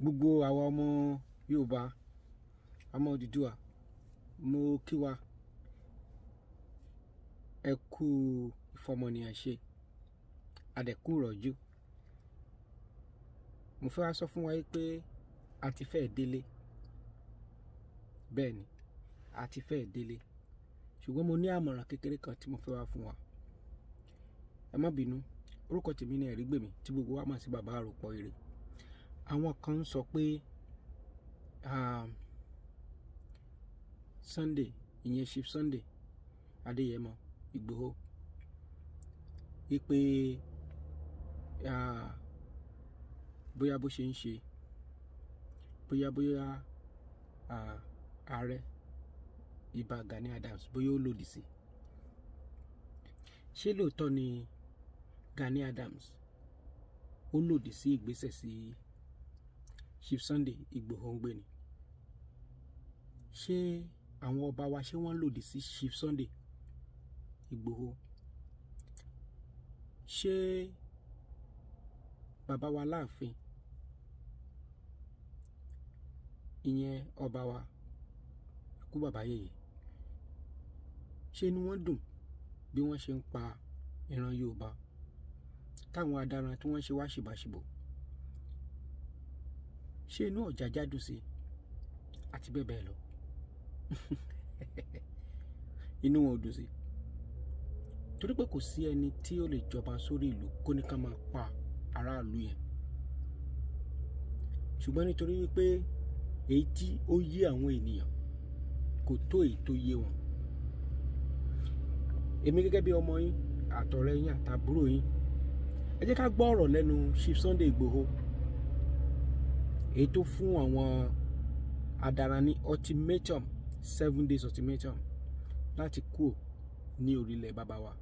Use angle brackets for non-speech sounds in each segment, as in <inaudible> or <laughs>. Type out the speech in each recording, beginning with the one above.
gbogbo àwọn ọmọ Yorùbá ọmọ Odùduwà mo kí wa ẹ kú ìfọmọnìyàn ṣe adẹ̀kú ìrọ̀jú mo fẹ́ wá sọ fún wa pé a ti fẹ́ délé bẹ́ẹ̀ ni a ti fẹ́ délé ṣùgbọ́n mo ní àmọ̀ràn kékeré kan tí mo fẹ́ wá fún wa ẹ má bínú orúkọ tèmi ni Ẹ̀rígbèmí tí gbogbo wa mọ̀ sí bàbá àròpọ̀ ire àwọn kan ń sọ pé um, Sunday ìyẹn ship Sunday Adéyẹmọ Ìgbòho wípé bóyá bó ṣe ń ṣe bóyá bóyá ààrẹ Ìbà Gani Adams bóyá ó lòdì sí ṣé lóòótọ́ ni Gani Adams ó lòdì sí ìgbésẹ̀ sí. Si Chief Sunday Igboho ń gbé ni ṣé àwọn ọba wa ṣé wọ́n lòdì sí Chief Sunday Igboho ṣé bàbá wa láàfin ìyẹn ọba wa kú bàbá yèyè ṣé ni wọ́n dùn bí wọ́n ṣe ń pa ìran Yorùbá táwọn adarun tí wọ́n ṣe wá ṣìbàṣìbò ṣé inú ọ̀jà jádùn sí àti bẹ́ẹ̀ bẹ́ẹ̀ lọ <laughs> inú wọn ò dùn sí torí pé kò sí ẹni tí ó lè jọba sórí ìlú kó ní ká máa pa aráàlú yẹn ṣùgbọ́n nítorí wípé èyí tí ó yé àwọn ènìyàn kò tó èyí tó yé wọn èmi gẹ́gẹ́ bí ọmọ yín àtọ̀rẹ́ yín àtàbúrò yín ẹ jẹ́ ká gbọ́ ọ̀rọ̀ lẹ́nu Chief Sunday Igboho èyí tó fún àwọn adara ní ultimatum seven days ultimatum láti kú ní orílẹ̀ bàbá wa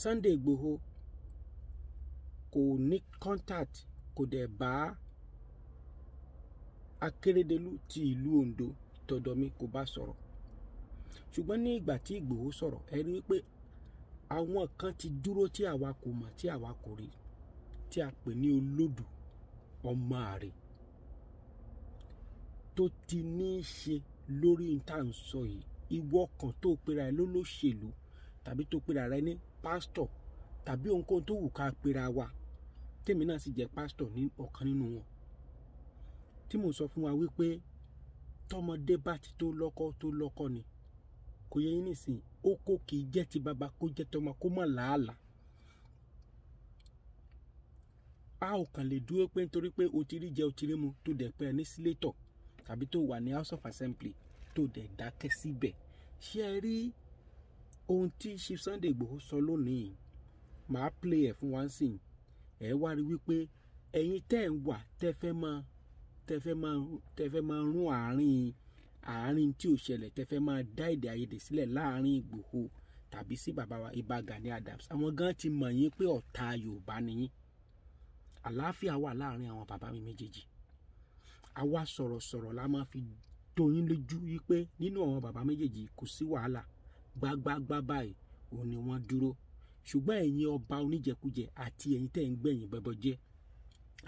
Sunday Igboho kò ní contact kò dẹ̀ bá Akérédolú ti ìlú Ondo tọ̀dọ̀ mi kò bá sọ̀rọ̀ ṣùgbọ́n ní ìgbà tí Ìgbòho sọ̀rọ̀ ẹ rí pé àwọn kan ti dúró tí àwa kò mọ̀ tí àwa kò rí tí a pè ní olódù ọmọ àrè tó ti ní í ṣe lórí tá à sọ yìí ìwọ kan tó pera ẹ lólóṣèlú tàbí tó pera rẹ ní pásítọ̀ tàbí ohunkóhun tó wù ká pera wa tèmi náà sì jẹ́ pásítọ̀ ní ọ̀kan nínú wọn tí mo sọ fún wa wípé tọmọdé bá ti tó lọ́kọ tó lọ́kọ ni kò yẹ yín nísìnyí ó kó kì í jẹ́ ti bàbá kó jẹ́ tọmọ kó mọ̀ làálàá a ò kàn lè dúró pé nítorí pé o ti rí jẹ o ti rí mu tó dẹ̀ pẹ́ ní sílétọ̀ tàbí tó wà ní house of assembly tó dẹ̀ dákẹ́ síbẹ̀ ṣé ẹ rí ohun tí Chief Sunday Igboho sọ lónìí màá play ẹ̀ fún wa sí ẹ̀ wá rí wípé ẹ̀yin tẹ́ ń wà tẹ́ fẹ́ máa tẹ́ fẹ́ máa tẹ́ fẹ́ máa rún àárín àárín tí ò ṣẹlẹ̀ tẹ́ fẹ́ máa dá èdè àìyedè sílẹ̀ láàárín Ìgbòho tàbí sí bàbá wa Ìbà Gani Adams àwọn gan ti mọ̀ yín pé ọ̀tá Yorùbá nìyín àlàáfíà wà láàrin àwọn bàbá mi méjèèjì àwa sọ̀rọ̀sọ̀rọ̀ la máa fi doyin lójú wípé nínú àwọn bàbá méjèèjì kò sí wàhálà gbágbágbá báyìí òun ni wọ́n dúró ṣùgbọ́n ẹ̀yin ọba oníjẹkújẹ àti ẹ̀yin tẹ́ ń gbẹ̀yìn bẹbọjẹ́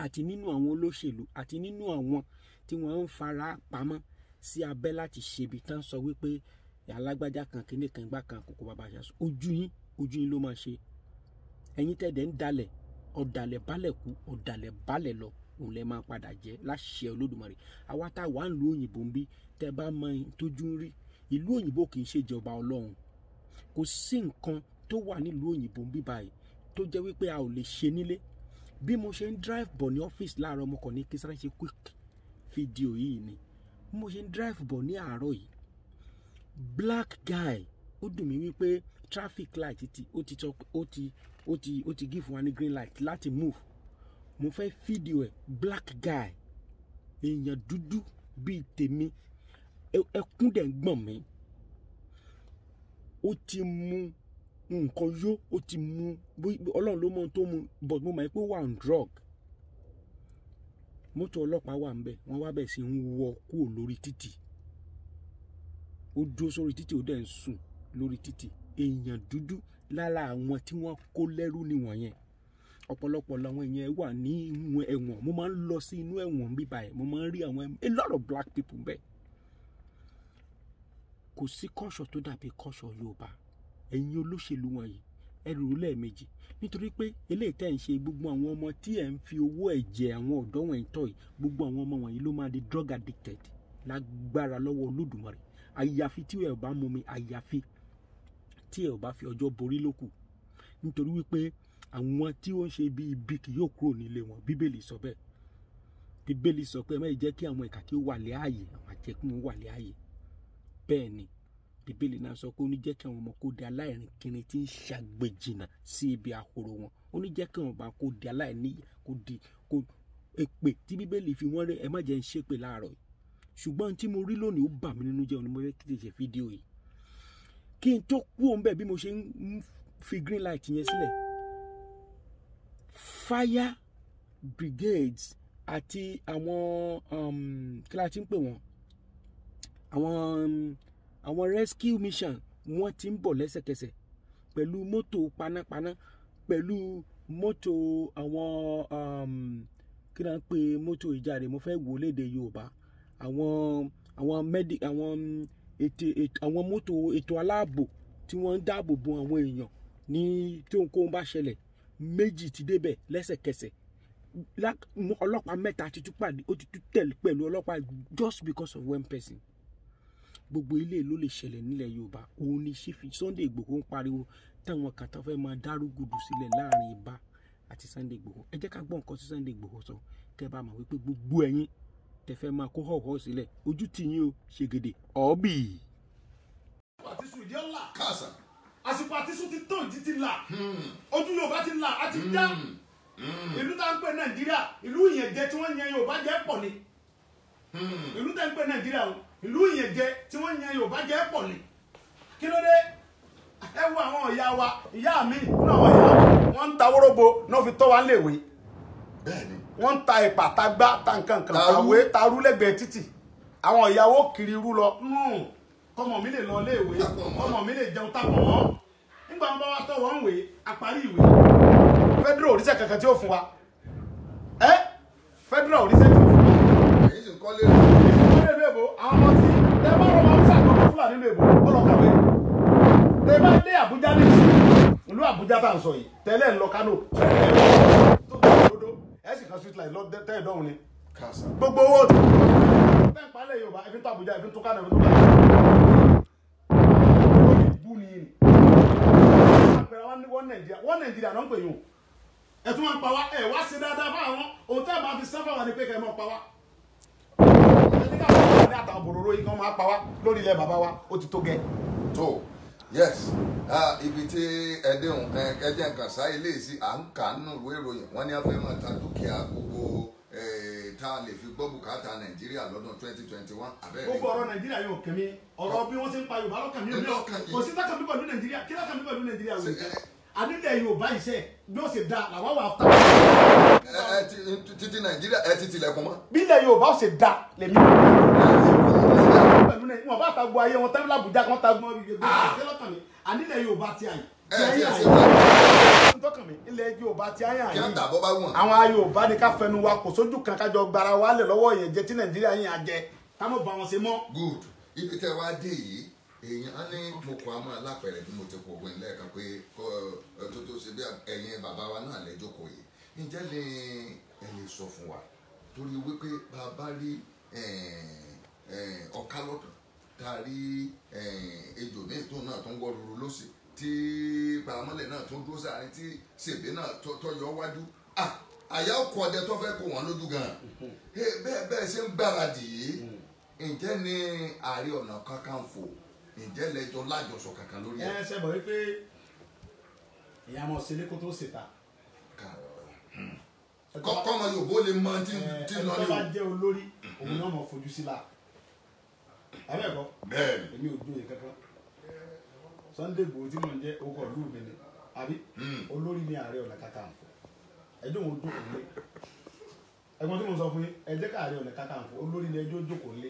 àti nínú àwọn olóṣèlú àti nínú àwọn tí wọ́n ń fara pamọ́ sí abẹ́ láti ṣebi tán sọ wípé alágbájá kan kíní kan gbá kan kòkó bàbá ṣàṣọ ojú yín ojú yín ló máa ṣe ẹ̀yin tẹ́ dẹ̀ ń dalẹ̀ ọ̀dàlẹ̀ balẹ̀ kú ọ̀dàlẹ̀ balẹ̀ lọ òun lẹ máa padà jẹ́ láṣẹ olódùmarè àwa tá a wà ń lu òyìnbó ń bí tẹ bá mọ tójú ń rí ìlú òyìnbó kì í ṣèjọba ọlọ́run kò sí nǹkan tó wà nílùú òyìnbó ń bí báyìí tó jẹ́ wípé a ò lè ṣe nílé bí mo ṣe ń drive bọ̀ ní ọ́fíìsì láàárọ̀ mo ní kí sáré ṣe quick fídíò yìí ni mo ṣe ń drive bọ̀ ní àárọ̀ yìí black guy ó dùn mí wípé traffic light ti ó ti ó ti ó ti give one green light láti move mo fẹ́ fídíò ẹ̀ black guy èèyàn dúdú bíi tèmi ẹkún dẹ̀ ń gbọ̀n mi ó ti mu nǹkan yó ó ti mu ọlọ́run ló mọ ohun tó mu but mo mọ̀ pé ó wà on drug mọ́tò ọlọ́pàá wà ńbẹ̀ wọ́n wá bẹ̀ sí ń wọ kúrò lórí títì ó dúró sórí títì o dẹ̀ ń sùn lórí títì èèyàn dúdú lára àwọn tí wọ́n kó lẹ́rú nìwọ̀nyẹn ọ̀pọ̀lọpọ̀ làwọn èèyàn wà ní ẹ̀wọ̀n mo máa ń lọ sí inú ẹ̀wọ̀n bíbá ẹ̀ mo máa ń rí àwọn a lot of black people bẹ́ẹ̀ kò sí kọ́ṣọ̀ tó dàbí kọ́ṣọ̀ Yorùbá ẹ̀yin olóṣèlú wọ̀nyí ẹ rò ó lẹ́ẹ̀mejì nítorí pé eléyìí tẹ́ ń ṣe gbogbo àwọn ọmọ tí ẹ̀ ń fi owó ẹ̀jẹ̀ àwọn ọ̀dọ́ wọn ń tọ́ yìí gbogbo àwọn ọmọ wọ̀nyí ló máa di drug addicted lágbára lọ́wọ́ Olódùmarè àyàfi tí ẹ bá mú mi àyàfi tí ẹ ò bá fi ọjọ́ borí lókù nítorí wípé àwọn tí ó ń ṣe bí ibi kì yóò kúrò nílé wọn bíbélì sọ bẹ́ẹ̀ bíbélì sọ pé ẹ má jẹ́ kí àwọn ìkà kí ó wà lé ààyè àwọn àjẹkùn ó wà lé ààyè bẹ́ẹ̀ ni bíbélì náà sọ pé ó ní jẹ́ kí àwọn ọmọ kó di aláìrìn kiri tí ń ṣàgbèjìnà sí ibi ahoro wọn ó ní jẹ́ kí àwọn ọba kó di aláìní kó di kó èpè tí bíbélì fi wọ́n rẹ́ ẹ má jẹ́ ń ṣépè láàárọ̀ ṣùgbọ́n tí mo rí lónìí ó bà mí nínú jẹ́ òní mo fẹ́ kí tètè fídíò yìí kí n tó kú òun bẹ́ẹ̀ bí mo ṣe ń fi green light yẹn sílẹ̀ fire brigades àti àwọn um, kí la ti ń pè wọ́n àwọn um, àwọn rescue mission wọ́n ti ń bọ̀ lẹ́sẹ̀kẹsẹ̀ pẹ̀lú mọ́tò panápaná pẹ̀lú mọ́tò àwọn um, kí la ń pè mọ́tò ìjàre mo fẹ́ wò léde Yorùbá àwọn àwọn medic àwọn. Um, ètè àwọn mọ́tò ètò aláàbò tí wọ́n ń dáàbò bo àwọn èèyàn ní tí ohunkóhun bá ṣẹlẹ̀ méjì ti débẹ̀ lẹ́sẹ̀kẹsẹ̀ ọlọ́pàá mẹ́ta ti tún pàdé ó ti tún tẹ̀lé pẹ̀lú ọlọ́pàá just because of one person gbogbo ilé ló lè ṣẹlẹ̀ nílẹ̀ Yorùbá òun ni ṣífi Sunday Igboho ń pariwo táwọn kan tó fẹ́ máa dárúgùdù sílẹ̀ láàrin Ìbà àti Sunday Igboho ẹ jẹ́ ká gbọ́ nǹkan tí Sunday Igboho sọ kẹ́ bá mọ̀ wípé gbogbo ẹ̀yin tẹfẹ́ máa kó họ̀họ̀ sílẹ̀ ojú ti yín o ṣègèdè ọ̀ọ́bì. àtisù ìdí ọ̀la káàsà àsìkò àtisù ti tó ìdí ti là hmm. ojú Yorùbá ti là á ti já hmm. hmm. ìlú tá ń pè Nàìjíríà ìlú ìyẹn jẹ tí wọ́n yan Yorùbá jẹ pọ̀ ni ìlú tá ń pè Nàìjíríà o ìlú ìyẹn jẹ tí wọ́n yan Yorùbá jẹ pọ̀ ni kí ló dé ẹ wo àwọn ìyá wa ìyá mi náà wọ́n ń ta wórógbó náà fi tọ́ wa léèwé. bẹ́ẹ̀ni wọ́n ń ta ìpà ta gbá ta nǹkan kan kàwé ta rú lẹ́gbẹ̀ẹ́ títì àwọn ìyàwó kiri rú lọ kọmọ mi lè lọ iléèwé kọmọ mi lè jẹun tapọ̀ mọ́ nígbà wọn bá wá tọ́ wọn wèé àparí ìwé federal oríṣẹ́ kankan tí ó fún wa ẹ federal oríṣẹ́ tí ó fún wa. èyí sì kọ́ lé lóko. èyí sì kọ́ lé lóko àwọn ọmọ tí ẹ bá rọ wọn sàkóso fúlàní lóko ó lọ kàwé tẹ bá dé àbújá ní ìlú àbújá tá ń sọ yìí tẹ́lẹ̀ ń kánò tó kọ́ lódó ẹ̀sìn kan street light lọ tẹ́ ìdọ́hùn ni. kàṣà. gbogbo owó tó. tẹ́ ń palẹ̀ yorùbá ẹ̀fín tó àbújá ẹ̀fín tó kánà ẹ̀fín tó kánà. lórí ìbú ni yìí. àpẹẹrẹ wọn ní wọn nàìjíríà wọn nàìjíríà náà ń pè yín o. ẹ tún wọn pa wá ẹ wá sí dáadáa fáwọn ohun tẹ́ ẹ máa fi sẹ́fà wà ní pé kẹ́ ẹ máa pa wá. ẹ ní káwọn ọmọdé àtàwọn bòròró yìí kí wọ́n máa pa wá lórí ilẹ̀ bàbá wa ó ti tó gẹ́. tó o yes ibi tí ẹdínwó ẹjẹ nǹkan sáyé lè sí à ń kà nínú ìwé ìròyìn wọn ni a fẹ́ máa ta dúkìá gbogbo tá a lè fi gbọ́ bùkátà nàìjíríà lọ́dún twenty twenty one abẹ́rẹ́. gbogbo ọ̀rọ̀ nàìjíríà yóò kẹ́mi ọ̀rọ̀ bí wọ́n ṣe ń pa yorùbá lọ́kàn mi ò ní ọ̀ kò sí lákàn mi pẹ̀lú nàìjíríà kí lákàn mi pẹ̀lú nàìjíríà wò ànílẹ̀ yorùbá iṣẹ́ bí ó ṣe da làwọn wà fún. títí nàìjíríà ẹ ti tilẹ̀kùn mọ́. bí ilẹ̀ yorùbá ó ṣe da lèmi pẹ̀lú náà bá ta ká fẹnu wa kò sójú kan kájọ gbara wa lẹ̀ lọ́wọ́ yẹn jẹ tí Nàìjíríà yìí á jẹ ká mọ̀ bá wọn ṣe mọ́. good ibi tẹ wá dé yìí èèyàn ní mo kọ àmọ́ alápẹ̀rẹ̀ bí mo ti kọ ògùn lẹ́ẹ̀kan pé tó tó ṣe bí ẹ̀yin bàbá wa náà lẹ́jọ́ kò yìí ǹjẹ́ ni ẹ lè sọ fún wa torí wípé bàbá rí ẹ̀ẹ́ Eh, ọ̀ká lọ́tàn tari eh, ejò ní ìtún náà tó ń wọ ruru lọ́sẹ̀ tí paramọ́lẹ̀ náà tó dúró sáárín tí sèbé náà tọ́jọ́ wájú ah, àyà ọkọ̀ ọdẹ tó fẹ́ kó wọn lójú gan <laughs> eh, bẹ́ẹ̀ bẹ́ẹ̀ ṣe ń gbáradì yìí hmm. ǹjẹ́ ni Ààrẹ Ọ̀nà Kakanfò ǹjẹ́ lẹ́jọ́ lájọsọ kankan lórí ẹ̀. ẹ ṣe bọ̀ wípé ìyá ọmọ sílé kó tó ṣètà. kọ́kọ́ hmm. ọmọ Yorùbá ó lè mọ tí ń lọ ní o. ẹ ẹ tó bá jẹ́ olórí òun hmm. náà mọ̀ fojú sí la abẹ́ ẹ̀kọ́ bẹ́ẹ̀ni èmi ò joyè kankan Sunday Igboho tí mò o jẹ́ orúkọ ìlú mi ni àbí hmm. olórí ni ààrẹ ọ̀nà kakanfò ẹjọ́ òun jókòó lé ẹ̀gbọ́n tí mo sọ fún yín ẹ jẹ́ ká ààrẹ ọ̀nà kakanfò olórí ni ẹjọ́ jókòó lé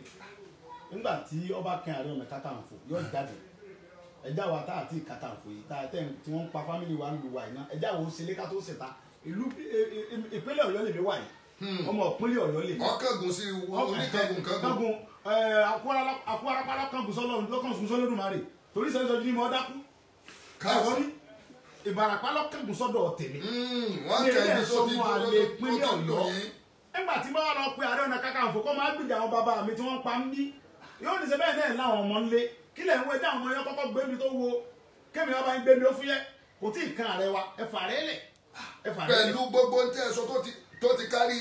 nígbà tí ọba kan ààrẹ ọ̀nà kakanfò yóò jáde ẹjá wa tá àti kakanfò yìí tá àtẹ̀ tí wọ́n pa fámìlì wa ń lu wa yìí náà ẹjá wo ṣe ká tó ṣe ìlú ìpínlẹ̀ Ọ̀yọ́ lè mi wà yìí Hmm. ọmọ ìpínlẹ̀ ọ̀yọ́ lè. ọkàgùn sí oníkàgùn kàgùn. àkó arapara kàgùn sọlọ́run lọ́kàn sùn sọlọ́run máa rè torí sẹ́yìn ni mo dákú. káàsì ìbàràpá lọ́kàgùn sọ́dọ̀ tèmi. Hmm, wọ́n kẹ́ni sọ ti dúró tó tọ̀ lọ. nígbà tí wọ́n lọ pe Ààrẹ Ọ̀nà Kakanfò kó máa gbìjà àwọn bàbá mi tí wọ́n pa ń yóò ní sẹ́bẹ̀ẹ́ náà tó ti kárí.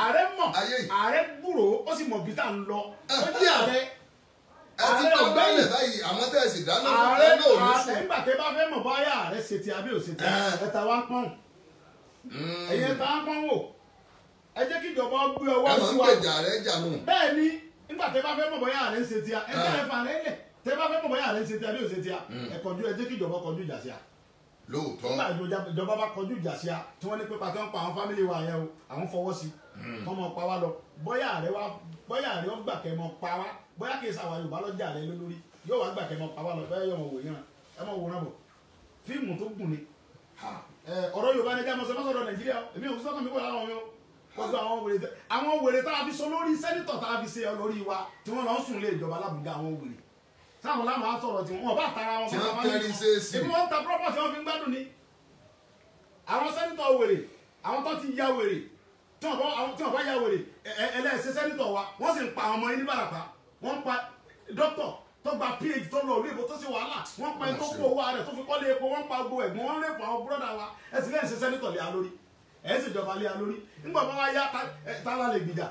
ààrẹ mọ̀ ààrẹ gbúrò ó sì mọ̀ bí tá à ń lọ. ó jẹ́ ààrẹ ẹ ti tó gbálẹ̀ báyìí àmọ́ tẹ́ ẹ sì dáná fún ẹ náà ní sùn. nígbà tẹ́ bá fẹ́ mọ̀ báyà ààrẹ ṣe ti àbí òṣè tí ẹ ta wá pọ́n hmm. ẹ̀yẹ ta wá pọ́n wò ẹ jẹ́ kí ìjọba gbé ọwọ́ sí wa. ẹ máa ń gbèjà rẹ jà mọ́. bẹ́ẹ̀ ni nígbà tẹ́ bá fẹ́ mọ̀ báyà ààrẹ ṣe ti à ẹ tẹ́ ẹ fà rẹ lẹ̀ tẹ́ bá fẹ́ mọ̀ báyà ààrẹ ṣe ti àbí òṣè tí à ẹ kọjú ẹ jẹ́ kí ìjọba kọjú ìjà sí à lóòótọ́ nígbà ìjọba bá kọjú ìjà sí a tí wọ́n ní pípa tó ń pa àwọn fámìlì wa yẹn o àwọn fọwọ́ sí i kọ́ hmm. mọ pa wá lọ bóyá ààrẹ wa bóyá ààrẹ ó gbà kẹ́ mọ pa wá bóyá kì í sàwọn Yorùbá lọ́jà rẹ lólórí yóò wá gbà kẹ́ mọ pa wá lọ bóyá yóò mọ wòran ẹ mọ wòran bọ̀ fíìmù tó gùn ni ọ̀rọ̀ Yorùbá ni káàmọ́ sọ́mọ́sọ́ ọ̀rọ̀ Nàìjíríà èmi ò sọ́kàn mi kò láwọn mi o àwọn wèrè àwọn wèrè tá a fi so lórí sẹ́nitọ̀ táwọn láwọn á sọ̀rọ̀ tí wọ́n bá tara wọn. tí wọ́n tẹ́rí ṣéèṣì. ibi wọn ta property wọn fi ń gbádùn ni. àwọn sẹ́nitọ̀ wèrè àwọn tó ti ya wèrè tí wọ́n bá ya wèrè ẹlẹ́sẹ̀ sẹ́nitọ̀ wa wọ́n sì ń pa àwọn ọmọ yín ní bàràpá wọ́n ń pa dókítọ̀ tó gba phd tó lọ olóyìnbó tó ṣe wàhálà wọ́n pa ẹni tó kó owó rẹ̀ tó fi kọ́lé epo wọ́n pa gbogbo ẹ̀gbọ́n wọ́n rẹ̀pọ̀ àwọn a lórí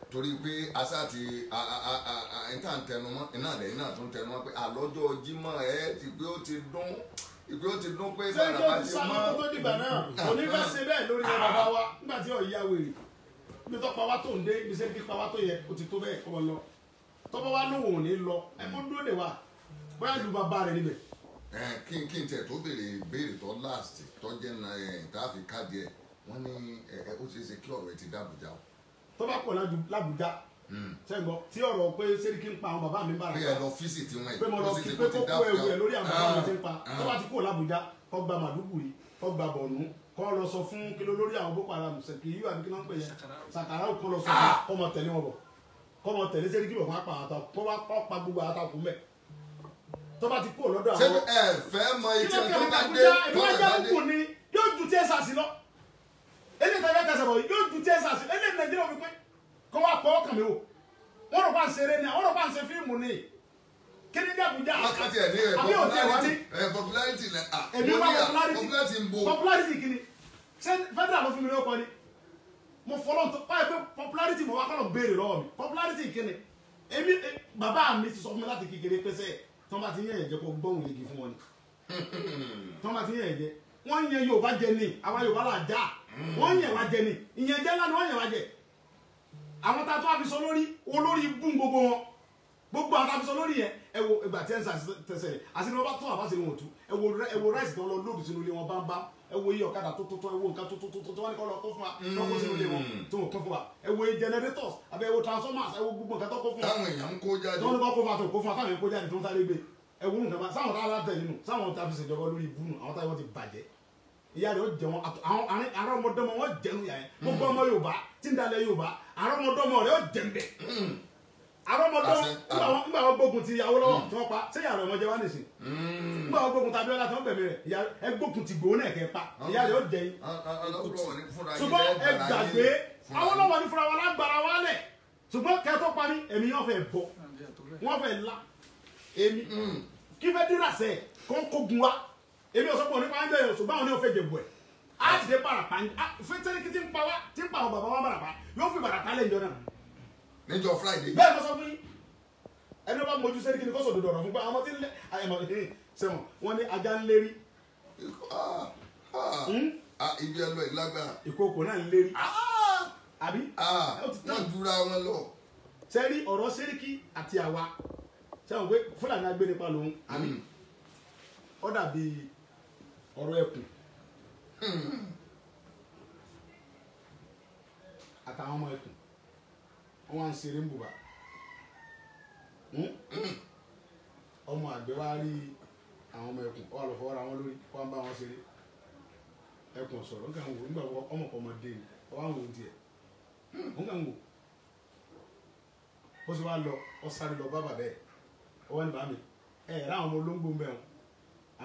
torí pé asáàtì ẹ̀ńtà ń tẹnumọ́ iná rẹ̀ iná tún tẹnumọ́ pé àlọ́jọ́ Jímọ̀ ẹ̀ ti pé ó ti dún ìpè ó ti dún pé bàràbà ti mọ́. ṣé ìjọba tó dìgbà náà òní bá ṣe bẹ́ẹ̀ lórí ẹ̀ bàbá wa nígbà tí ọ̀ọ́ ìyá wèrè ibi tó pa wá tó ń dé ibi sẹ́ni pípa wá tó yẹ ó ti tó bẹ́ẹ̀ kọ́ lọ tọ́pọ̀ wá lóhùn òní lọ ẹ kó dúró lè wa bóyá lu bàbá rẹ̀ níbẹ̀. kí n kí n tẹ tó béèrè béèrè tó last tó jẹ́ tá a fi káàdì ẹ̀ wọ́n ní ó ṣeé ṣe kí ọ̀rọ̀ ẹ ti dáàbò jáwọ́ tó bá kọ̀ lábùjá sẹ́ńgọ́ hmm. tí ọ̀rọ̀ pé sẹ́ríkì ń pa àwọn bàbá mi bára pé lọ fíìsì tí wọ́n yìí pé mo lọ kí pé kó kó ewu lórí àwọn ah. bàbá mi ti ń pa tó bá ti kó lábùjá kó gba màdúgbùrì kó gba bọ̀nú kó lọ sọ fún kilo lórí àwọn boko haram sẹ̀kì yíyú àbí kí wọ́n ń pè yẹn sàkàrà kó lọ sọ ah. fún kó mọ tẹ̀lé wọn bọ̀ kó mọ tẹ̀lé sẹ́ríkì bọ̀ fún apá eléyìí tẹ́lẹ̀ tẹ̀sẹ̀ bọ̀ yóò ju tí ẹ sàṣì eléyìí nàìjíríà wípé kó wá pọ̀ ọkàn mi o wọ́n rò bá ń ṣeré ni àwọn rò bá ń ṣe fíìmù ni kí ni dàbújá àkàtì ẹ̀ ní eh, ẹ̀ eh, popularity ẹ̀ ah, ah, popularity lẹ̀ à èmi wá popularity ń bo popularity kí ni ṣé federal ló fún mi ní ọkọ ni mo fọlọ́ tó báyìí pé popularity mo wá kọ́ lọ béèrè lọ́wọ́ mi popularity kí ni èmi eh, bàbá mi ti sọ fún mi láti kékeré pẹ́sẹ́ tí wọ́n bá ti yẹn ẹ̀jẹ̀ kó gbóhùn yegi fún wọn ni <laughs> tí wọ́n bá ti yẹn ẹ̀jẹ̀ wọ́n yẹn Yorùbá jẹ ni àwa Yorùbá là já wọ́n yàn wá jẹ ni ìyẹn jẹ́ lánàá wọ́n yàn wá àwọn tá a lórí olórí bùn gbogbo wọn gbogbo àwọn tá lórí yẹn ẹ ìgbà tí ẹ ń sà tẹsẹ̀ àti ní wọ́n bá tún àbáṣe wọn tú ẹ wo ẹ wo lọ lóòdù sínú ilé wọn bámbá ẹ wo iye ọ̀kadà tó tó tó nǹkan tó tó tó tó wọ́n ní lọ kó fún wa lọ́kọ́ sínú ilé wọn tó wọ́n kó fún wa ẹ generators àbẹ ẹ transformers ẹ gbogbo nǹkan tó kó fún wa. táwọn èèyàn ń kó jáde. tọ́wọ́n ní bá kó fún wa tó kó fún wa táwọn èèyàn kó jáde tó ń sáré gbé ẹ ìyá rẹ̀ ó jẹ wọn àwọn ará ọmọdọ́mọ wọn jẹnu yà yẹn gbogbo ọmọ yorùbá tí ń dalẹ̀ yorùbá ará ọmọdọ́mọ rẹ̀ ó jẹ̀mbẹ̀ ará ọmọdọ́mọ nígbà wọn gbógun ti ìyàwó lọ́wọ́ hmm. tí wọ́n pa ṣé ìyá rẹ̀ ọmọ jẹ wá nìsín hmm. nígbà wọn gbógun tàbí ọlá tí wọ́n bẹ̀rẹ̀ rẹ̀ ẹ gbógun ti gbòó náà kẹ́ pa ìyá rẹ̀ ó jẹ yín ah, ah, ah, ṣùgbọ́n ẹ gbàgbé Awólọ́wọ̀ ní fúnra wọn lágbára wálẹ̀ ṣùgbọ́n kẹ́ tó parí èmi yóò fẹ́ bọ̀ wọ́n fẹ́ la èmi hmm. kí fẹ́ dúrà sẹ́ẹ̀ kó ń kógun wa èmi ò sọ pé onípa ń bẹ̀rẹ̀ ṣùgbọ́n àwọn ní òfin jẹ̀bù ẹ̀ á ti dé barapa fẹ́tẹ́rì kí ti ń pa wá ti ń pa àwọn bàbá wa barapa yóò fi barapa lẹ́yìn jọ́nà. níjọ́ friday. bẹ́ẹ̀ mo sọ fún yín ẹni bá mojú sẹ́ni kí ni kó sòdodo ọ̀rọ̀ fún pé àwọn ọmọ tí ń lé àyẹ̀mọ̀ sẹ́wọ̀n wọ́n ní ajá ń lérí. Ah, ah, hmm? ah, ibi ẹ lọ ìlágbára. ìkókò náà ń lérí. àbí. wọ́n dúra wọn lọ. sẹ́rí ọ̀rọ̀ sẹ́ríkì àti àwa sẹ́wọ̀n pé fúlàní agbénipa lòun àbí hmm. ó dàbí ọ̀rọ̀ ẹ̀kùn àtàwọn ọmọ ẹ̀kùn wọn à ń ṣeré ń bùbà hmm? ọmọ àgbẹ̀ wa rí àwọn ọmọ ẹ̀kùn wọn àlọ́ fọwọ́ra wọn lórí wọn bá wọn ṣeré ẹ̀kùn sọ̀rọ̀ nǹkan wò nígbà wọ ọmọ kan ọmọdé ni ọwọ́ àwọn ohun tiẹ̀ nǹkan wò ó sì wá lọ ọ sáré lọ bá bàbá ẹ̀ ọwọ́ ní bàá mi ẹ̀ ẹ̀ ráwọn ọmọ olóńgbò mẹ́rin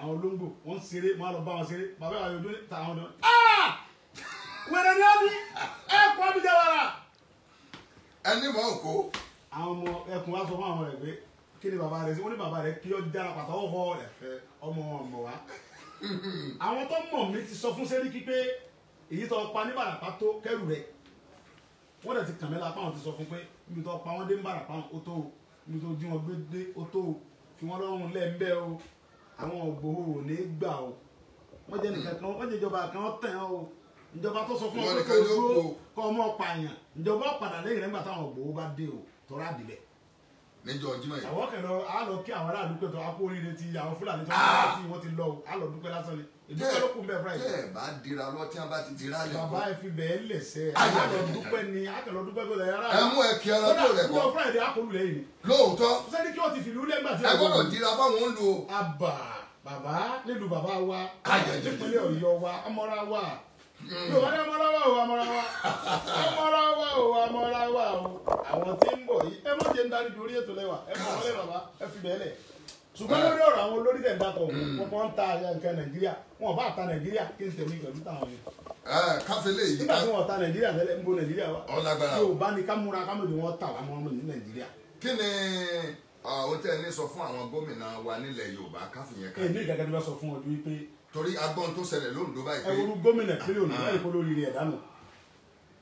àwọn olóńgbò wọ́n ń ṣeré wọ́n á lọ bá wọn ṣeré bàbá àwọn ojú ta àwọn ọdún. wẹ̀rẹ̀ ni wọ́n ní ẹ̀kọ́ àbújá wàrà. ẹni mọ̀ òkú. àwọn ọmọ ẹkùn wa sọ fún àwọn rẹ̀ pé kí ni bàbá rẹ̀ sí wọ́n ní bàbá rẹ̀ kí ọ jára pàtó ọkọ rẹ̀ fẹ́ ọmọ ọmọ wa. àwọn tó mọ̀ mi ti sọ fún sẹ́ríkì pé èyí tó pa ní bàràpá tó kẹ́rù rẹ̀ wọ́n dẹ̀ ti kàn mí lápá wọn ti sọ fún pé ibi tó pa wọ́n dé ń bàràpá wọn ó tó o ibi tó jí wọn gbé dé ó tó o fi wọ́n lọ́rùn lẹ́ẹ̀ àwọn ògbóhù ò ní gbà o wọ́n jẹ́ nìkan kan wọ́n jẹ́ ìjọba kan tẹ̀ ọ́ o ìjọba tó sọ fún ọ pé kó o dúró kó ọmọ pààyàn ìjọba ọ̀padà lẹ́yìn rẹ̀ nígbà táwọn ògbóhù bá dé o tọ́ra dìbẹ̀ níjọ́ Jímọ̀ yìí. àwọn kẹlẹ a kí àwọn aráàlú pẹtọ a kú ti àwọn Fúlàní tó ń tí ah! wọn ti lọ o a lásán ni ìdúpẹ́ ló kún bẹ́ẹ̀ fúláì. tẹ bá dira lọ tí ti dira lẹ. bàbá ẹ fi lẹsẹ a lọ ni a kẹlọ dúpẹ́ bẹ́ẹ̀ lẹyìn ẹ mú ẹ kí ara tó rẹ kọ. kódà de akọlù lẹ́yìn lóòótọ́. sẹ́ni kí wọ́n ti fìlú lẹ́gbà tí. ẹ gbọ́dọ̀ dira fáwọn ń àbà bàbá nílùú bàbá wa Yorùbá ní ọmọláwà o amọ̀láwà ọmọláwà o amọ̀láwà o àwọn tí ń bọ̀ yìí ẹ má jẹ́ ń darí ju orí ètò lẹ́wà ẹ mọ̀ wọlé bàbá ẹ fi bẹ́ẹ̀ lẹ̀ ṣùgbọ́n lórí ọ̀rọ̀ àwọn olórí tẹ̀ ń dàtọ̀ wọn kàn ń ta nǹkan Nàìjíríà wọn bá ta Nàìjíríà kí n tẹ̀lé pẹ̀lú táwọn yẹn. káfílẹ̀ yìí. nígbà tí wọn ta Nàìjíríà tẹ́lẹ̀ ń bo Nàìjíríà wa. ọ̀làgbára yóò bá ní kámúra kámúra wọn ta wà mọ́ ní Nàìjíríà. kí ni ohun tẹ́ ẹ ní sọ fún ká torí agbọ́n tó ṣẹlẹ̀ lóńdó báyìí pé. ẹwúrú gómìnà ìpínlẹ̀ Ondo báyìí kó lórí rẹ̀ dànù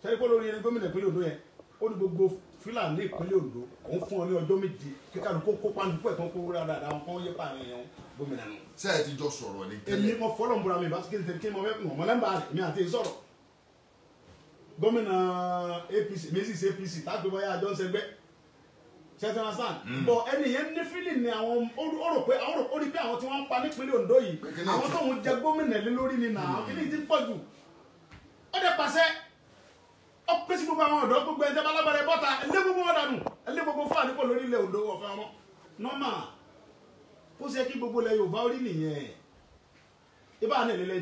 sẹ́ni kó lórí rẹ̀ gómìnà ìpínlẹ̀ Ondo yẹn ó ní gbogbo Fúlàní ìpínlẹ̀ Ondo òun fún ọ ní ọjọ́ méje kí kálù kó kó pàǹdùkú ẹ̀ tán kó rà dáadáa wọn kán yé pa àwọn èèyàn gómìnà nù. ṣé ẹ ti jọ sọ̀rọ̀ ni tẹ́lẹ̀. èmi mo fọlọ́ nbura mi bàtí kéde kí mo fẹ́ mọ̀ mọ́lẹ́mbà rẹ̀ mi àti sọ̀rọ̀ gómìnà APC méjì sí APC tágbébọ́yá àjọ ń sẹgbẹ́ ṣẹ́tí wọn sàn bọ ẹni yẹn ní feeling ni àwọn ó rò pé ó rí pé àwọn tí wọ́n ń pa nípínlẹ̀ Ondo yìí àwọn tóun jẹ gómìnà lé lórí ni nàá kí ni ti pọ̀ jù ó dẹ̀ pàṣẹ ó pèsè gbogbo àwọn gbogbo gbogbo wọn dànù ẹlẹ́ gbogbo fáàlì pọ̀ lórí ilẹ̀ Ondo kó ṣe kí gbogbo Yorùbá orí nìyẹn ibà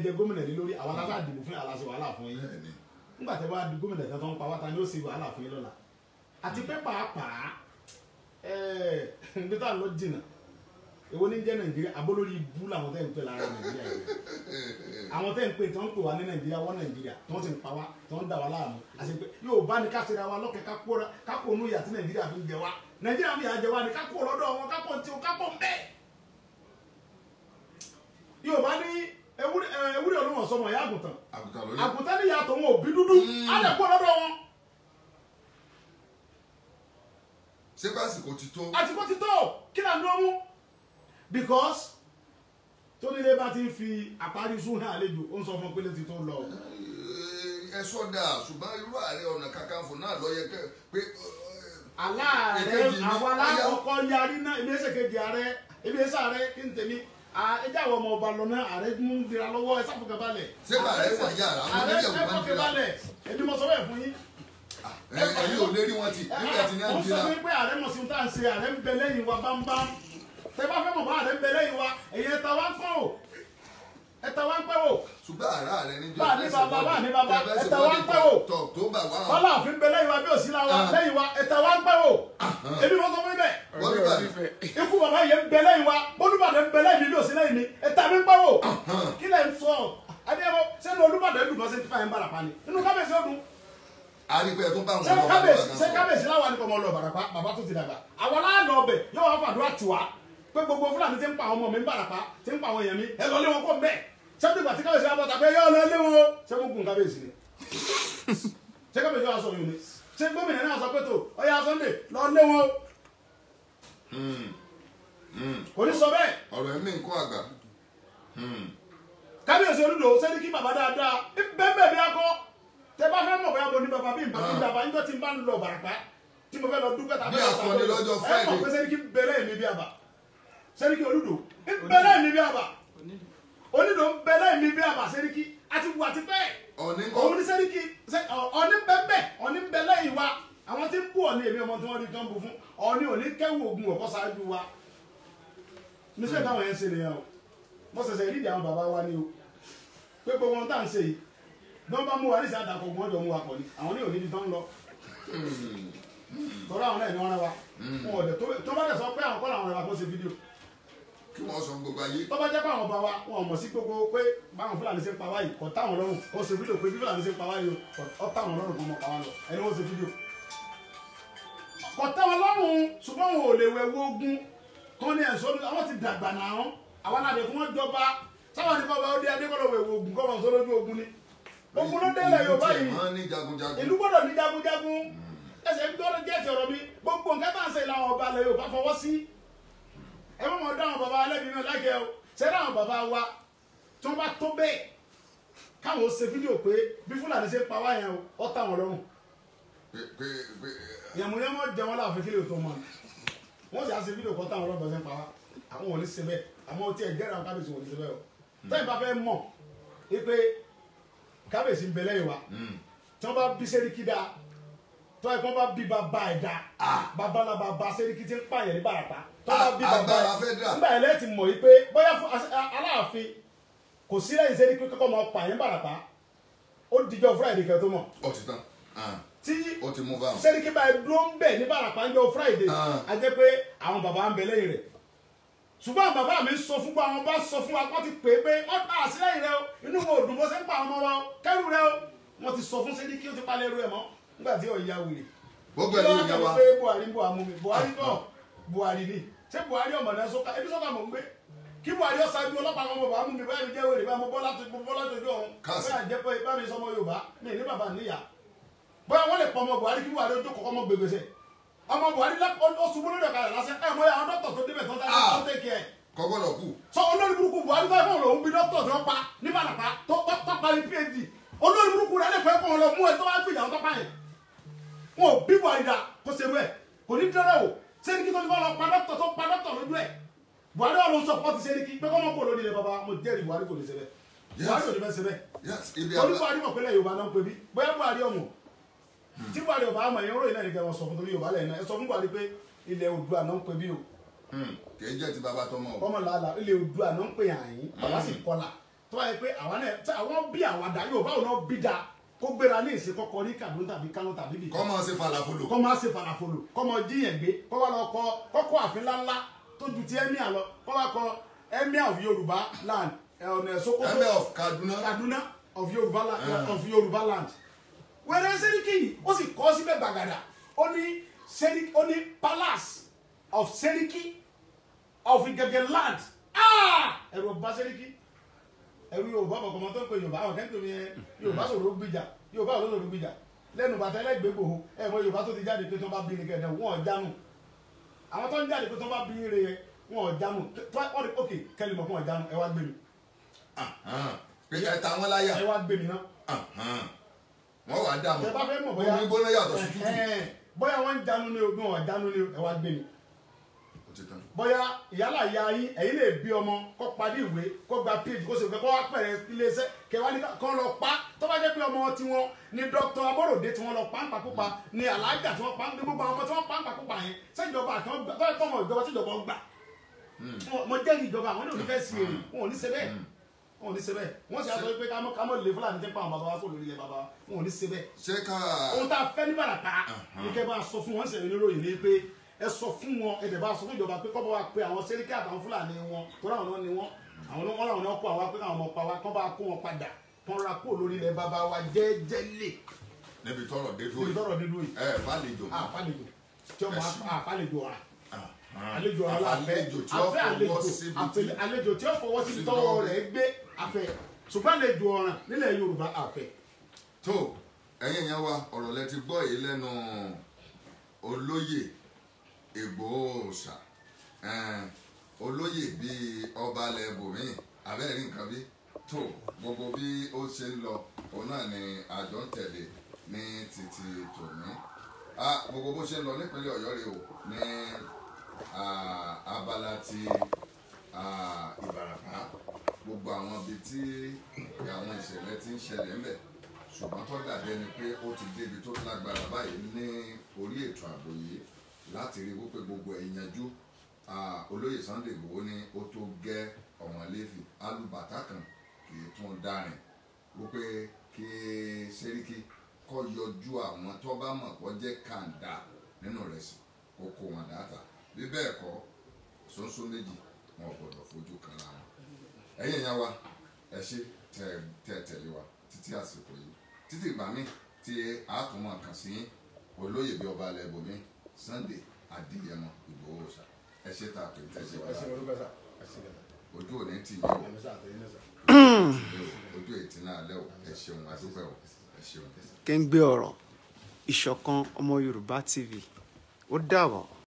jẹ gómìnà lé lórí àwọn aláṣà dìbò fún aláṣẹ wàhálà fún yín nígbà tẹ bá gómìnà tẹ tó ń pa ẹ̀ẹ́d bí táwọn lọ jìnnà èwo ní jẹ́ nàìjíríà abolórí ibú làwọn tẹ́ ń pè lára nàìjíríà yìí àwọn tẹ́ ń pè tí wọ́n ń pè wá ní nàìjíríà wọ́n nàìjíríà tí wọ́n ti ń pa wá tí wọ́n ń dà wá láàmú àti pé yóò bá ní kásìra wa lọ́kẹ́ kápóra kápónú ìyà tí nàìjíríà fi ń jẹ wá nàìjíríà fi yà jẹ wá ní kápó lọ́dọ̀ wọn kápó ti o kápó ń bẹ́ yóò bá ní ewúrẹ́ olúmọ̀sọmọ̀ ìyá àgùntàn àgùntàn níyà tòun òbí dúdú á hmm. lẹ̀ kó lọ́dọ̀ wọn ṣé pásìkò ti tó. àsìkò ti tó kí là ń dúró because tónílé bá ti ń fi àparí sùn náà àlejò ó ń sọ fún pélé ti tó lọ. ẹ sọdà ṣùgbọ́n irú ààrẹ ọ̀nà kakanfò náà lọ yẹ pé. aláàrẹ àwọn alákọ̀ọ́kọ́ yarí náà ilé ìṣèkejì ààrẹ ilé ìṣe ààrẹ kí n tèmi ẹjẹ àwọn ọmọ ọba lọ náà ààrẹ ń dira lọ́wọ́ ẹ sáfùkẹ́ balẹ̀. ṣé bàrẹ̀ wà yàrá àwọn oníyẹ̀wò máa ń dira. ààrẹ ẹ fọ́kẹ́ balẹ̀ ẹ̀yin ò lérí wọn ti nígbà tí ní àdúgbò. mo sọ wípé ààrẹ mọ̀ sí ohun tá à ń ṣe ààrẹ ń bẹ lẹ́yìn wa bámbám tẹ bá fẹ́ mọ̀ bá ààrẹ ń bẹ lẹ́yìn wa èyí ẹ̀ta wá ń pọ̀ o ẹ̀ta wá ń pẹ́ o. ṣùgbọ́n àrà rẹ ní jọ ẹsẹ̀ bọ́ọ̀dù bá ní bàbá ẹ̀ta wá ń pẹ́ o. tọ̀ tó bà wá. kọ́lá òfin bẹ lẹ́yìn wa bí òsínlá wa ah. lẹ́yìn wa ẹ̀ta wá ń pẹ́ o. èmi ló sọ fún ibẹ̀. ikú bàbá yẹn ń bẹ lẹ́yìn wa bólúbàdàn ń bẹ lẹ́yìn mi bí òsínlá yìí ni ẹ̀ta mi ń pẹ́ o. kí lẹ́yìn sọ adéyẹ̀wò sẹ́nu olúbàdàn ẹ̀dùn kan ṣe ti fà yẹn bára pa ni inú kábẹ̀sì ọdún àríkọ ẹkún bá wọn lọ bàbá kan. ṣé kábíyèsí láwọn àdìpọ̀ ọmọ lọ bàràpá bàbá tó ti dàgbà àwọn aláàlọ́ ọbẹ̀ yóò wá fàdúrà tiwa pé gbogbo fúlàní ti ń pa àwọn ọmọ mi ń bàràpá ti ń pa àwọn èèyàn mi ẹ lọ lé wọn kó ń bẹ̀ ṣé dùgbà tí kábíyèsí lábọ̀ tàbí yóò lọ lé wọn ṣé mo gun kábíyèsí ni ṣé kábíyèsí wàá sọ yìí ni ṣé gómìnà náà sọ pé tó ọyá Sunday lọ lé wọn hmm. Hmm. kò ní sọ bẹ́ẹ̀. ọ̀rọ̀ ẹ̀mí nǹkan àgbà hmm. kábíyèsí olùdó sẹ́ni kí bàbá dáadáa bẹ́ẹ̀ bẹ́ẹ̀ bí akọ tẹ bá fẹ́ mọ̀ bóyá mo ní bàbá bí bàbá bí ah. bàbá níjọ́ tí n bá ń lọ bàbá tí mo fẹ́ lọ dúpẹ́ tàbí àfọ̀nì lọ́jọ́ friday ẹ mọ̀ pé sẹ́ríkì bẹ̀rẹ̀ mi bí àbá sẹ́ríkì olùdó ń bẹ̀rẹ̀ mi bí àbá onídò ń bẹ̀rẹ̀ mi bí àbá sẹ́ríkì àti wù àti bẹ́ẹ̀ òun ní sẹ́ríkì ọ̀ní bẹ́ẹ̀ ọ̀ní bẹ̀rẹ̀ ìwà àwọn tí ń bú ọ̀ní èmi ọmọ tí wọ́n rí tán bu fún ọ̀ní òní kẹ́wù ogun ọ̀kọ́ ṣáájú wa níṣẹ́ hmm. táwọn yẹn ń ṣe nìyẹn o mo ṣẹ̀ṣẹ̀ rí ìdí àwọn bàbá wa ni o pé gbogbo ohun tá à ń ṣe yìí dọ́nbà mú wa ní sáà dàpọ̀ gbọ́dọ̀ mú wa pọ̀ ni àwọn yóò níbi tán lọ tọ́lá àwọn ẹ̀yìn ọ̀rẹ́ wa wọn ọ̀dẹ tó bá dẹ̀ sọ pé àwọn kọ́lá àwọn ọ̀rẹ́ wa kó ṣe fídíò. kí wọ́n sọ gbogbo ayé. tó bá jẹ́ pé àwọn ọba wa wọn ò mọ̀ sí gbogbo pé báwọn fúlàní ṣe ń pa wáyé kọ́ táwọn lọ́rùn kó ṣe fídíò pé bí fúlàní ṣe ń pa wáyé ọ táwọn lọ́rùn kó mọ̀ pa wá lọ ẹni wọ́n ṣe fídíò. kọ́ táwọn lọ́rùn ṣùgbọ́n wọn ò lè wẹ̀ wo ogun kọ́ ní ẹ̀ṣọ́ àwọn ti dàgbà náà àwọn àdẹ̀kùn ogun ló délẹ̀ yorùbá yìí ìlú gbọ́dọ̀ ní jagunjagun ẹsẹ̀ ń gbọ́dọ̀ jẹ́ ti ọ̀rọ̀ mi gbogbo nǹkan bá ń ṣe làwọn ọba lẹ yorùbá fọwọ́ sí ẹ mọ̀ mọ̀ dá àwọn baba alẹ́ mi náà lágẹ̀ o ṣé dáhùn baba wa tí wọ́n bá tó bẹ́ẹ̀ káwọn ó ṣe fídíò pé bí fúlàní ṣe pa wá yẹn ó tà wọ́n lọ́rùn eh, yàmùyàmọ̀ jẹ wọn láàfin kílè tó mọ wọn sì á ṣe fídíò kọ́ táwọn ọlọ́pàá ṣe pa wá àwọn ò ní ṣe bẹ́ẹ̀ àmọ́ tí ẹ gẹ́rẹ́ àwọn kábíyèsí ò ní ṣe bẹ́ẹ̀ o tẹ́yìn bá fẹ́ mọ̀ wípé kábíyèsí ń bẹ lẹ́yìn wa hmm. tí wọ́n bá bí sẹ́ríkì dáa tọ́ ẹ̀ kọ́ bá bí bàbá ẹ̀ dáa ah. babalá bàbá sẹ́ríkì ti ń pààyàn ní bàràpá tọ́ bá ah, bí bàbá ẹ̀ nígbà yẹn lẹ́ẹ̀tì mọ̀ yìí pé bóyá aláàfin kò sí lẹ́yìn sẹ́ríkì kọ́kọ́ mọ̀ pààyàn bàràpá ó dijọ́ Friday kẹ́ tó mọ̀ ah. tí sẹ́ríkì báyìí dúró ń bẹ̀ ní bàràpá ń jọ Friday a pé àwọn bàbá ń bẹ lẹ́yìn rẹ̀ ṣùgbọ́n bàbá mi sọ fún wa wọn bá sọ fún wa wọ́n ti pè é pé ọ̀tá àṣírí rẹ o inú wo dùn bó ṣe ń pa ọmọ wa o kẹ́rù rẹ o wọ́n ti sọ fún sẹ́ni kí o ti palẹ̀ ẹrú ẹ̀ mọ́ nígbà tí ọ̀ya wuli. gbogbo ẹni ìyá wa ṣé Buhari ah, bọ̀ àmú mi Buhari náà Buhari ni ṣé Buhari ọmọ náà sọ́ka ebi sọ́ka mọ̀ ń gbé kí Buhari ọ̀sá ibi ọlọ́pàá ọmọ bàbá mú mi báyìí jẹ́ ọmọ buhari ó ṣubú lórí ọ̀kadà lásán ẹ mọ àwọn dókítà tó débẹ̀ tó dáná ah, tó tẹ̀ kí ẹ. kọ́gbọ́dọ̀ kù. sọ olórí burúkú buhari fẹ́ fún òun bí dókítà tó pa ní màlàpá tó tó parí phd olórí burúkú rẹ̀ lẹ́fẹ̀ẹ́ fún ọlọ́ mú ẹ tó wá gbìyà ọtọ́ páyìn. wọn ò bí buhari dà kó ṣe wẹ̀ kò ní dẹ́rẹ́ o sẹ́ríkì tó ti bọ́ lọ pa dókítà tó pa dókítà lójú ẹ̀ buhari ọ̀run sọ pọ́ọ̀tì sẹ́ríkì pé kọ́mọ kò lórí ẹ̀ bàbá mo jẹ́rìí buhari kò lè ṣe bẹ́ẹ̀ buhari kò lè fẹ́ ṣe bẹ́ẹ̀ tí buhari ọba àmọ̀ ẹ̀yìn ròyìn náà nìkan wọn sọ fún torí yorùbá lẹ́yìn náà ẹ sọ fún buhari pé ilẹ̀ Oòduà náà ń pè bí o. Hmm, kì í jẹ́ ti bàbá tọmọ o. ọmọ làálà ilẹ̀ Oòduà náà ń pè àyín hmm. bàbá sì kọlà tó bá yẹ pé àwọn náà tí àwọn bí àwọn àdá yorùbá ò náà bí da kó gbéra ní ìsìnkọkọ ní Kaduna tàbí Kano tàbí bìkan. kọ́mọ ṣe falafolo. kọ́mọ ṣe falafolo kọ́mọ jíyàn gbé kọ́mọ lọ kọ́ kọ́kọ́ àfin ńláńlá tó ju ti emir lọ kọ́mọ kọ́ emir of Yorùbá land eh, ọ̀nà Sokoto. emir of Kaduna. Kaduna of Yorùbá land. Hmm wẹ̀rẹ̀ sẹ́ríkì yìí ó sì kọ́ síbẹ̀ gbàgàdà ó ní sẹ́ríkì ó ní palace of sẹ́ríkì of gẹ́gẹ́ land ah! ẹ̀rù ọba sẹ́ríkì ẹ̀rù yorùbá bọ̀ kọ́mọ́tò pé yorùbá àwọn kẹ́ńtò mi yẹn yorùbá sọ̀rọ̀ gbìjà yorùbá sọ̀rọ̀ gbìjà lẹ́nu bàtà ẹlẹ́gbẹ̀gbò ẹ̀ mọ yorùbá tó ti jáde pé tó bá bí nìkẹ́ wọn ò jánu àwọn tó ń jáde pé tó bá bí rẹ̀ wọn ò jánu wọ́n ní ok kẹ́lí mọ̀ fún ọ̀ jánu ẹ wá gbé mi. ẹ ta wọn láyà ẹ wá gbé mi náà wọ́n wà á dà mọ́ omi gbóná yàtọ̀ sí tútù. bóyá wọ́n ń dánú ní ogún wọn dánú ní ẹ̀wá gbé mi. bóyá ìyálà ya yín ẹ̀yin lè bí ọmọ kó parí ìwé kó gba phd kó sì kó wá pẹ̀rẹ̀ iléeṣẹ́ kẹwàá ní kó lọ pa tó bá jẹ́ pé ọmọ tiwọn ni dr aborode tí wọ́n lọ pa ńpakúpa ni alága tí wọ́n pa ní gbogbo àwọn ọmọ tí wọ́n pa ńpakúpa yẹn sẹ́jọba àti wọn gbà tó yẹ kó ọmọ ìjọba tíjọba ń gbà hmm. mo jẹ́ ìjọba àwọn ní òní fẹ́ sí èrè hmm. wọn ò ní ṣe bẹ́ẹ̀ hmm wọn ò ní ṣe bẹ́ẹ̀ wọ́n sì á sọ pé ká mọ̀ lè fúlàní jẹ́ pa àwọn bàbá wa kò lórí ilẹ̀ bàbá wa wọn ò ní ṣe bẹ́ẹ̀. ṣé ká. ohun tá a fẹ́ ní bàràtà ni kẹ́ bá a sọ fún wọn ṣẹlẹ̀ níròyìn ni pé ẹ sọ fún wọn ẹ dẹ̀ bá a sọ fún ìjọba pé kọ́ bá wa pe àwọn sẹ́ríkì àtàwọn fúlàní wọn tó ráwọn náà ni wọn àwọn náà ráwọn náà kó àwa pé káwọn ọmọ pa wa kán bá a kó wọn padà kán ra kó lórí ilẹ̀ bàbá wa jẹ́jẹ́lé. níbi Ah. àlejò ara àlejò tí ó fọwọ́ síbi àlejò tí ó fọwọ́ síbi tọwọ́ rẹ̀ gbé àfẹ́ ṣùgbọ́n àlejò ọ̀ràn nílẹ̀ Yorùbá àfẹ́. tó ẹ̀yin yẹn wa ọ̀rọ̀ lẹ ti gbọ́ yìí lẹ́nu olóyè Ìgbòho Òòṣà olóyè bíi ọba alẹ́ bòmíì abẹ́rẹ́ nǹkan bí tó gbogbo bí ó ṣe ń lọ òun náà ni àjọ ń tẹ̀lé ní títí tòní gbogbo bó ṣe ń lọ nípínlẹ̀ Ọ̀yọ́ rèé o ní abala ti Ìbàràpá gbogbo àwọn ibi tí àwọn ìṣẹ̀lẹ̀ ti ń ṣẹlẹ̀ ńbẹ̀ ṣùgbọ́n tó dàbí ẹni pé ó ti débi tó lágbára báyìí ní orí ètò ààbò yìí láti rí wípé gbogbo ẹ̀yanjú olóyè Sunday Igboho ní ó tó gẹ́ ọ̀wọ́n alùbàtà kan kì í tún dárin wípé kí sẹ́ríkì kọ́ yọjú àwọn tó bá mọ̀ kọ́ jẹ́ kàńdà nínú rẹ̀ sí kókó wọn dáadáa bí bẹ́ẹ̀ kọ́ ṣoṣo méjì wọn ò gbọ́dọ̀ fojú kan ra wọn ẹ̀yin ìyá wa ẹ ṣe tẹ tẹ̀lé wa títí àsìkò yìí títí ìgbà míì tí a tún mọ̀ kàn sí olóyè bí ọba alẹ́ ibòmí Sunday Adéyẹmọ Ìgbòho Òòṣà ẹ ṣe tá a pè tẹ́ ṣe wá ojú òní tì yín o ojú ètí náà lẹ́ o ẹ ṣeun adúpẹ́ o ẹ ṣeun. Kẹ́ńgbé ọ̀rọ̀ ìṣọ̀kan ọmọ Yorùbá TV ó dàbọ̀.